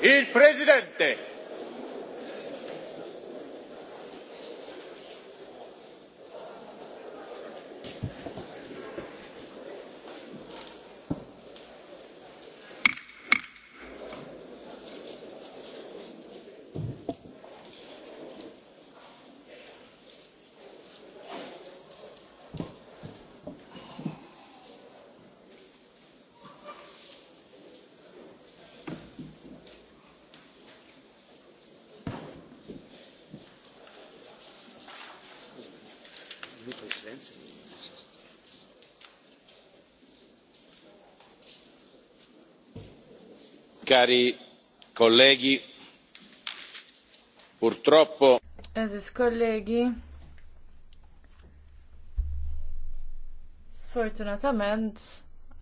Il Presidente. Cari colleghi, purtroppo. Eżis kollegi, sfortunatament